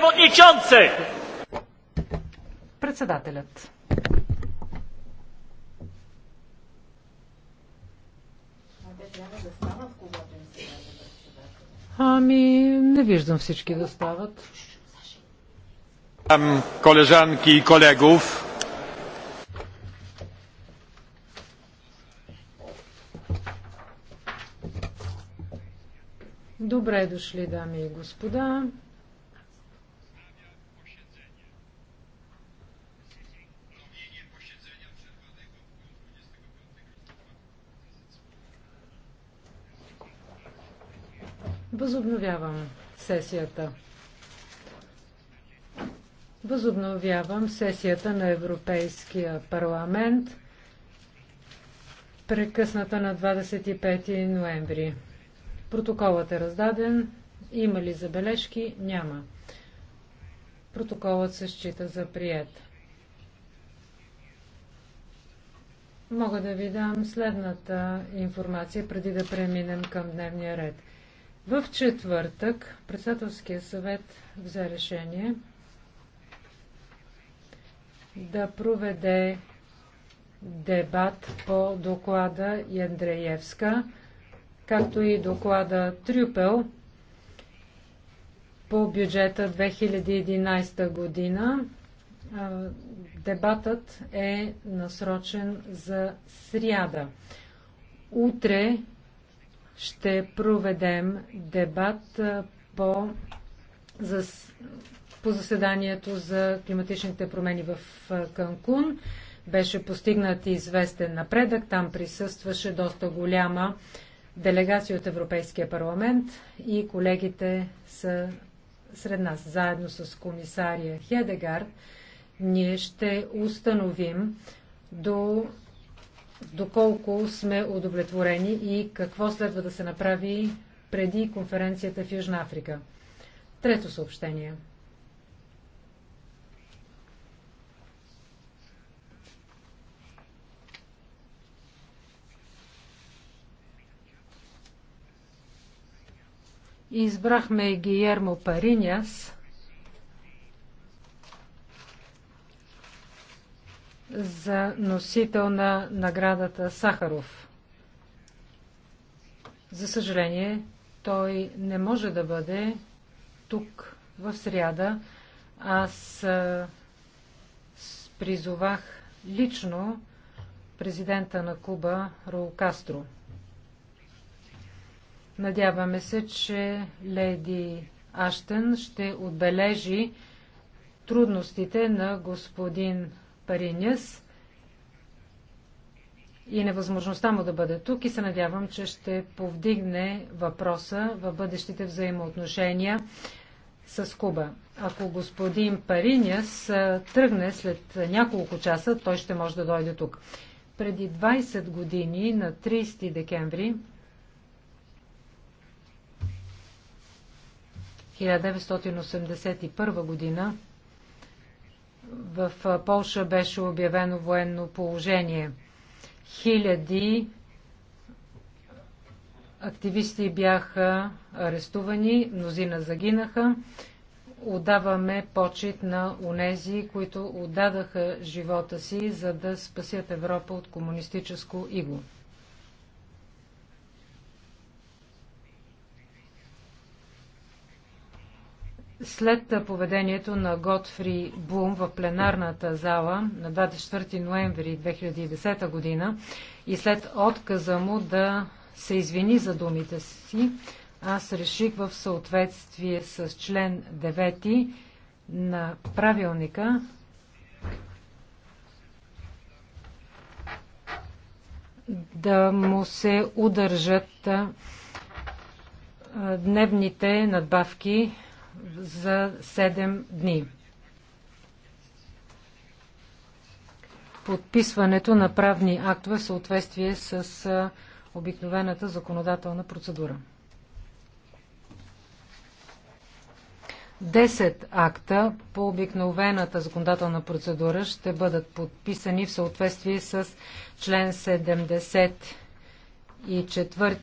Przewodniczący! Председателят. Ами, не виждам всички да стават. Колежанки и колегов. Добре дошли, дами и господа. Възобновявам сесията. Възобновявам сесията на Европейския парламент, прекъсната на 25 ноември. Протоколът е раздаден. Има ли забележки? Няма. Протоколът се счита за прият. Мога да ви дам следната информация преди да преминем към дневния ред. В четвъртък председателския съвет взе решение да проведе дебат по доклада Яндреевска, както и доклада Трюпел по бюджета 2011 година. Дебатът е насрочен за сряда. Утре ще проведем дебат по, за, по заседанието за климатичните промени в Канкун. Беше постигнат известен напредък. Там присъстваше доста голяма делегация от Европейския парламент и колегите са сред нас, заедно с комисария Хедегард, ние ще установим до доколко сме удовлетворени и какво следва да се направи преди конференцията в Южна Африка. Трето съобщение. Избрахме Гиермо Париняс за носител на наградата Сахаров. За съжаление, той не може да бъде тук в сряда. Аз призовах лично президента на Куба Роу Кастро. Надяваме се, че леди Аштен ще отбележи трудностите на господин Паринес и невъзможността му да бъде тук и се надявам, че ще повдигне въпроса в бъдещите взаимоотношения с Куба. Ако господин Париняс тръгне след няколко часа, той ще може да дойде тук. Преди 20 години, на 30 декември 1981 година, в Полша беше обявено военно положение. Хиляди активисти бяха арестувани, мнозина загинаха. Отдаваме почет на онези, които отдадаха живота си, за да спасят Европа от комунистическо иго. След поведението на Готфри Бум в пленарната зала на 24 ноември 2010 година и след отказа му да се извини за думите си, аз реших в съответствие с член 9 на правилника да му се удържат дневните надбавки за 7 дни. Подписването на правни актове в съответствие с обикновената законодателна процедура. 10 акта по обикновената законодателна процедура ще бъдат подписани в съответствие с член 70 и 4